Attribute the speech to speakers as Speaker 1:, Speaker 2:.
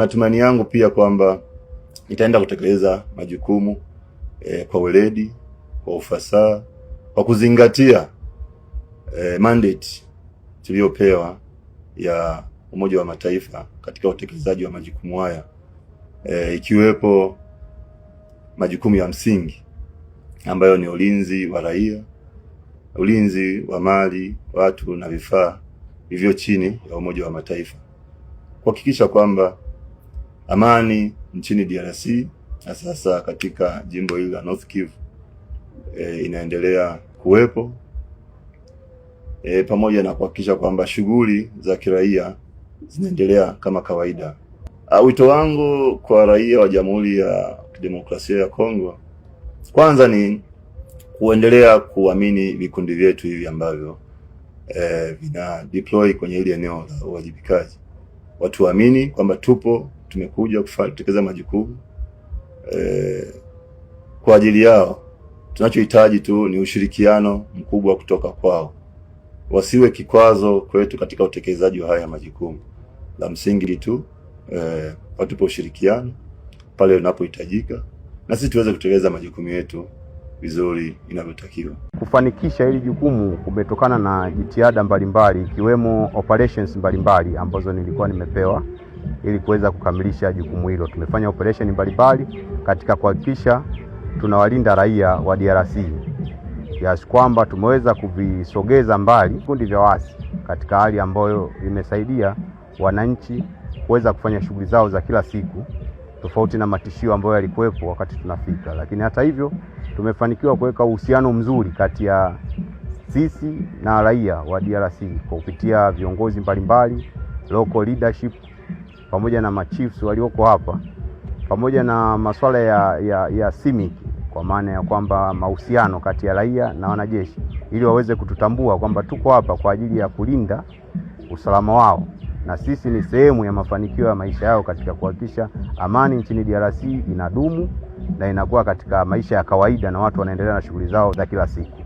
Speaker 1: matumaini yangu pia kwamba nitaenda kutekeleza majukumu eh, kwa weledi, kwa ufasaha, kwa kuzingatia eh, mandate tuliyopewa ya Umoja wa Mataifa katika utekelezaji wa majukumu haya eh, ikiwepo majukumu ya msingi ambayo ni ulinzi wa raia, ulinzi wa mali, watu na vifaa hivyo chini ya Umoja wa Mataifa kuhakikisha kwamba amani nchini DRC na sasa katika jimbo hili la North Kivu e, inaendelea kuwepo e, pamoja na kuhakikisha kwamba shughuli za kiraia zinaendelea kama kawaida. Ah, wito wangu kwa raia wa Jamhuri ya Kidemokrasia ya Kongo kwanza ni kuendelea kuamini vikundi vyetu hivi ambavyo e, vina deploy kwenye hili eneo la uwajibikaji. watuamini kwamba tupo tumekuja kutekeleza majukumu e, kwa ajili yao. Tunachohitaji tu ni ushirikiano mkubwa kutoka kwao, wasiwe kikwazo kwetu katika utekelezaji wa haya majukumu. La msingi tu e, eh, watupe ushirikiano pale unapohitajika na sisi tuweze kutekeleza majukumu yetu vizuri inavyotakiwa.
Speaker 2: Kufanikisha hili jukumu kumetokana na jitihada mbalimbali ikiwemo operations mbalimbali ambazo nilikuwa nimepewa ili kuweza kukamilisha jukumu hilo. Tumefanya operesheni mbalimbali katika kuhakikisha tunawalinda raia wa DRC kiasi kwamba tumeweza kuvisogeza mbali vikundi vya waasi katika hali ambayo imesaidia wananchi kuweza kufanya shughuli zao za kila siku tofauti na matishio ambayo yalikuwepo wakati tunafika. Lakini hata hivyo tumefanikiwa kuweka uhusiano mzuri kati ya sisi na raia wa DRC kwa kupitia viongozi mbalimbali, local leadership pamoja na machiefs walioko hapa pamoja na masuala ya, ya, ya CIMIC kwa maana ya kwamba mahusiano kati ya raia na wanajeshi, ili waweze kututambua kwamba tuko hapa kwa ajili ya kulinda usalama wao na sisi ni sehemu ya mafanikio ya maisha yao katika kuhakikisha amani nchini DRC inadumu na inakuwa katika maisha ya kawaida na watu wanaendelea na shughuli zao za kila siku.